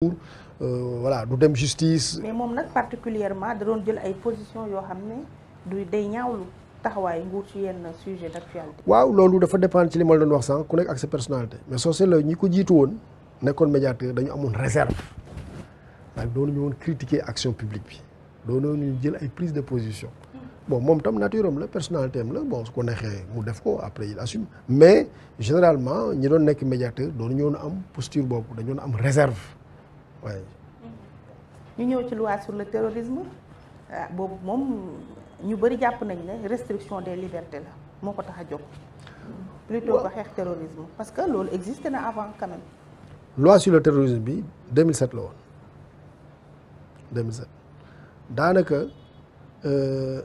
Euh, du dem justice. mais moom nag particulièrement da doon jël ay position yoo xam ne du day ñaawlu taxawaay nguur ci yenn sujet d'actualité. waaw loolu dafa dépendre ci li ma doon wax sànq ku nekk ak sa mais soo seetloo ñi ko jiitu woon nekkoon médiateur dañu amoon réserve ndax doonuñu woon critiquer action publique bi doonuñu jël ay prise de position bon moom tam nature am la personnalité am la bon su ko neexee mu def ko après il assume mais généralement ñi doon nekk médiateur doonuñu woon am posture boobu dañu doon am réserve. waaye ñu ñëw ci loi sur le terrorisme euh, boobu moom ñu bëri jàpp nañ ne restriction des libertés la moo ko tax a jóg plutôt que xeex terrorisme parce que loolu existé na avant quand même loi sur le terrorisme bi 2007 la woon 2007 daanaka 2021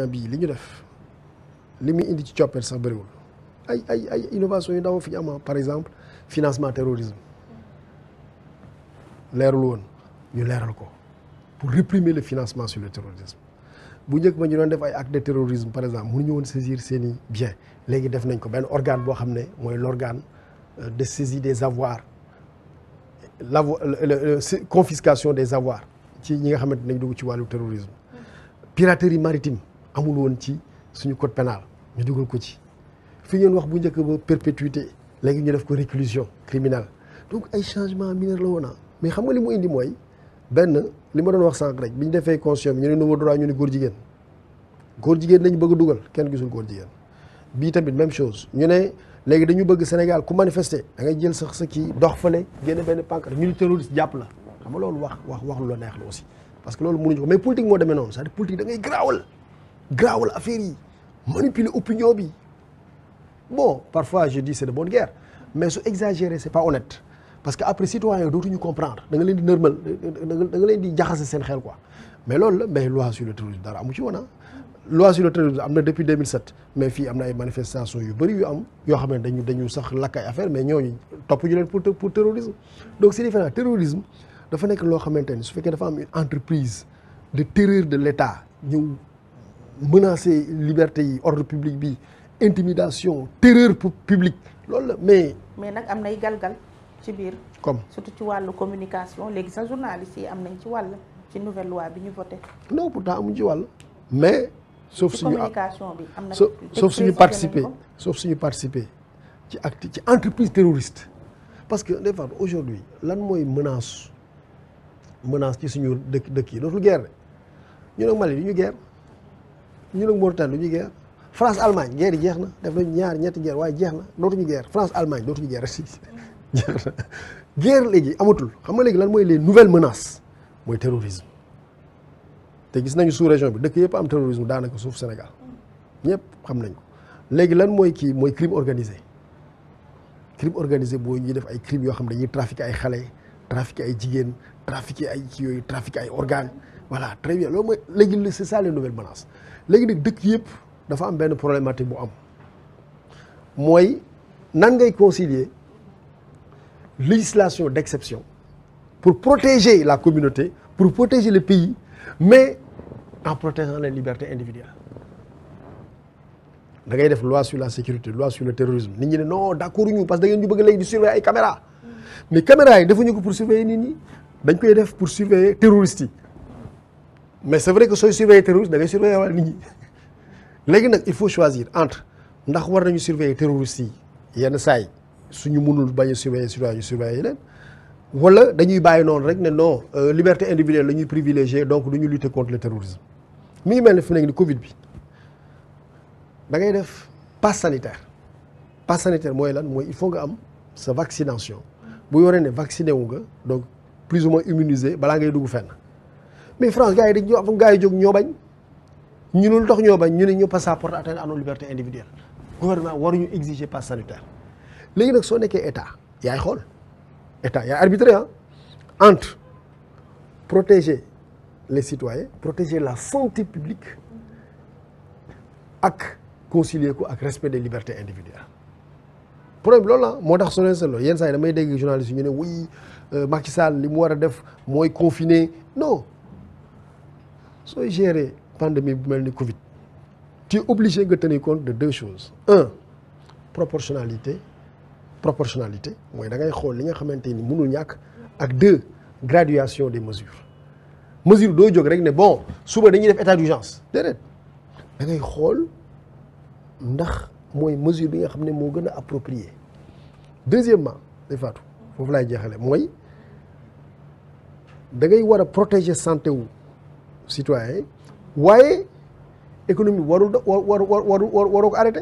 euh, bii li ñu def li muy indi ci coppeel sax bëriwul ay ay ay innovation yu ndaw fi ñu am par exemple financement terrorisme leerul woon ñu leeral ko pour réprimer le financement sur le terrorisme bu njëkk ba ñu doon def ay actes de terrorisme par exemple mu mënuñu woon saisir seen i léegi def nañ ko benn organe boo xam ne mooy l'organe euh, de saisie des avoirs la confiscation des avoirs ci ñi nga xamante nañ dugg ci wàllu terrorisme piraterie maritime amul woon ci suñu code pénal ñu dugal ko ci fi ngeen wax bu njëkk ba perpétuité léegi ñu def ko réclusion criminelle donc ay changements mineurs la woon ah. mais xam nga li mu indi mooy benn li ma doon wax sànq rek bi ñu defee constitution ñu ne nouveau droit ñu ne góor jigéen góor jigéen dañu bëgg dugal kenn gisul góor jigéen bii tamit même chose ñu ne léegi dañu bëgg Sénégal ku manifester da ngay jël sax sa kii dox fale génn benn pancarte ñu ni terroriste jàpp la xam nga loolu wax wax wax lu la neex la aussi parce que loolu mënuñu ko mais politique moo demee noonu c'est-à-dire politique da ngay graawal affaire yi manipuler opinion bi bon parfois je dis c'est de bonne mais su exagérer c'est parce que après citoyens yi dootuñu comprendre da nga leen di normal da leen di jaxase seen xel quoi mais loolu la mais loi sur le terrorisme dara amu ci woon ah. loi sur le terrorisme am na depuis 2007 mais fii am na ay manifestations yu bëri yu am yoo xam ne dañu dañu sax lakk ay affaire mais ñooñu topp ñu leen pour pour terrorisme donc c'est différent terrorisme dafa nekk loo xamante ni su fekkee dafa am une entreprise de terreur de l'État ñëw menacer liberté yi ordre public bi intimidation terreur publique loolu la mais mais nag am nay galgal ci biir comme surtout ci wàllu communication léegi sax journaliste yi am nañ ci wàll ci nouvelle loi bi ñu voté non pourtant amuñ ci wàll mais sauf suñu communication bi am na sauf suñu participer sauf suñu participer ci acte ci entreprise terroriste parce que des fois aujourd'hui lan mooy menace menace ci suñu dëkk dëkk yi dootul guerre ñu nag Mali du ñu guerre ñu nag Mauritanie lu ñu guerre France Allemagne guerre yi jeex na def nañ ñaar ñetti guerre waaye jeex na dootuñu guerre France Allemagne dootuñu guerre guerre léegi amatul xam nga léegi lan mooy les nouvelles menaces mooy terrorisme te gis nañu sous région bi dëkk yëpp am terrorisme daanaka suuf Sénégal ñëpp xam nañ ko léegi lan mooy kii mooy crime organisé crime organisé boo ñuy def ay crime yoo xam ne dañuy trafiquer ay xale trafiquer ay jigéen trafiquer ay kii yooyu trafiquer ay organes voilà très bien loolu mooy léegi c'est ça les nouvelles menaces léegi nag dëkk yëpp dafa am benn problématique bu am mooy nan ngay concilier. législation d'exception pour protéger la communauté, pour protéger le pays, mais en protégeant les libertés individuelles. da ngay def loi sur la sécurité loi sur le terrorisme nit ñi ne non d'accord ñu parce que da ngeen ñu bëgg léegi di surveiller ay caméra mais caméra yi defuñu ko pour surveiller nit ñi dañ koy def pour surveiller terroristes yi mais c'est vrai que sooy surveiller terroriste da ngay surveiller wala nit ñi léegi nag il faut choisir entre ndax war nañu surveiller terroristes yi yenn saa yi suñu munul bañ a surveiller citoyen ñu surveiller leen wala dañuy bàyyi noonu rek ne non euh, liberté individuelle la ñuy privilégier donc du ñu lutter contre le terrorisme mi ngi mel ne fi nekk ni Covid bi da ngay def passe sanitaire passe sanitaire mooy lan mooy il faut nga am sa vaccination bu yoree ne vacciné wu nga donc plus ou moins immunisé balaa ngay dugg fenn mais France gars yi dañ ñoo gars yi jóg ñoo bañ ñu ne lu tax ñoo bañ ñu ne ñu passeport atteindre à nos libertés individuelles gouvernement waruñu exiger passe léegi nag soo nekkee état yaay xool état yaay arbitré ah entre protéger les citoyens protéger la santé publique ak concilier ko ak respect des libertés individuelles problème loolu moo tax solo solo yenn saa damay dégg journaliste yi ñu ne wuy euh, Macky Sall li mu war a def mooy confiner non sooy gérer pandémie bu mel ni Covid tu es obligé nga tenir compte de deux choses un proportionnalité proportionalité mooy da ngay xool li nga xamante ni mënul ñàkk ak deux graduation des mesures mesure doo jóg rek ne bon suba dañuy def état d'urgence déedéet da ngay xool ndax mooy mesure bi nga xam ne moo gën a approprier deuxièmement day faatu foofu laay jeexale mooy da ngay war a protéger santé wu citoyen waaye économie warul warul warul waroo ko arrêté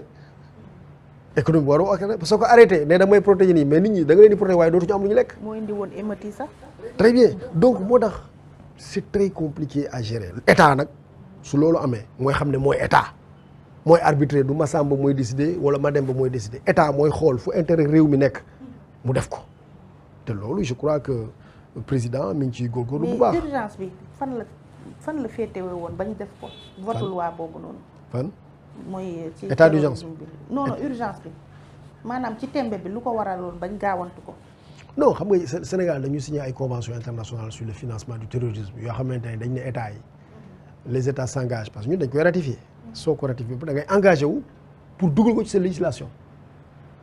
économie waru ak parce que arrêté ne da may protéger nii mais nit ñi da nga leen di protéger waaye dootuñu am lu ñu lekk. moo indi woon très bien donc moo tax c'est très compliqué à gérer état nag su loolu amee mooy xam ne mooy état mooy arbitré du Massamba mooy décider wala ba mooy décider état mooy xool fu intérêt réew mi nekk mu def ko te loolu je crois que président mi ngi ciy góorgóorlu bu baax. mais bi fan la fan la féetewee woon ba def ko. vote loi boobu noonu. fan. mooy ci état d'urgence bi non urgence bi maanaam ci tembe bi lu ko waraloon bañ gaawantu ko non xam nga Sénégal dañuy signé ay convention internationale sur le financement du terrorisme yoo xamante ne dañ ne état yi les états sangage parce que ñun dañ koy ratifié soo ko ratifié da ngay engagé wu pour dugal ko ci sa législation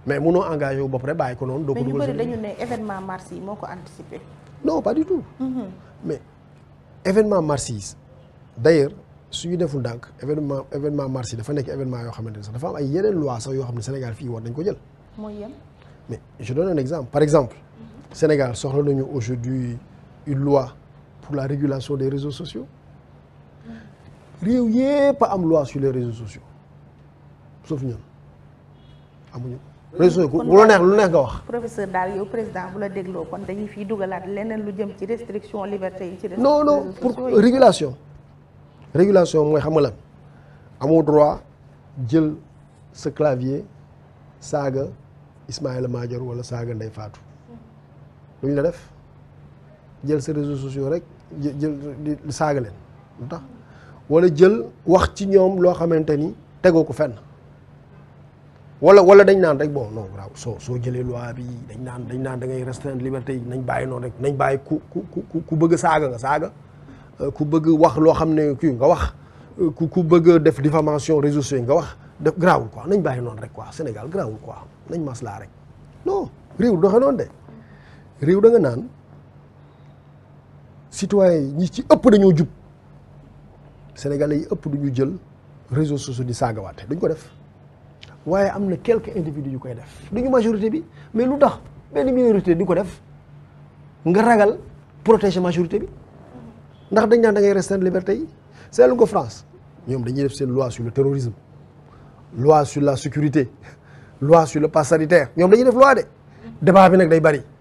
mais munoo engagé wu ba pare bàyyi ko noonu. doo ko dugal mais ñu bëri dañu ne événement mars yi moo ko anticipé. non mm-hmm. mais événement mars yi d' ailleurs suñu deful ndànk événement événement mars dafa nekk événement yoo xamante ne dafa am ay yeneen loi sax yoo xam ne Sénégal fii war nañ mooy yem. mais je donne un exemple par exemple. Mhm. Sénégal soxla nañu aujourd'hui une pour la régulation des réseaux sociaux. Mhm. réew yépp am loi sur les réseaux sociaux sauf ñun amuñu. réseaux sociaux lu neex lu neex nga wax. professeur daal yow président bu la dégloo kon dañuy lu jëm ci restriction liberté yi. ci réseaux pour régulation. régulation mooy xam nga lan amoo droit jël sa clavier saaga Ismaïla Madior wala saaga Ndeye faatu lu ñu la def jël sa réseaux sociaux rek jël di saaga leen lu wala jël wax ci ñoom loo xamante ni tegoo ko fenn wala wala dañ naan rek boo non grave soo soo jëlee loi bi dañ naan dañ naan da ngay restreindre liberté yi nañ bàyyi noonu rek nañ bàyyi ku ku ku ku bëgg saaga nga saaga Euh, ku bëgg wax loo xam ne kii nga wax euh, ku ku bëgg def diffamation réseaux sociaux nga wax def grawul wax nañ bàyyi noonu rek quoi Sénégal grawul quoi nañ maslaa rek non réew doxe noonu de réew danga naan citoyens yi ñi ci ëpp dañoo jub sénégale yi ëpp du duñu jël réseaux sociaux di saagawaate duñ ko def waaye am na quelques individus yu koy def duñu majorité bi mais lu tax benn minorité di ko def nga ragal protéger majorité bi ndax dañ naan da ngay restreindre liberté yi seetlu nga France ñoom dañuy def seen loi sur le terrorisme loi sur la sécurité loi sur le pass sanitaire ñoom dañuy def loi de débat bi nag day bari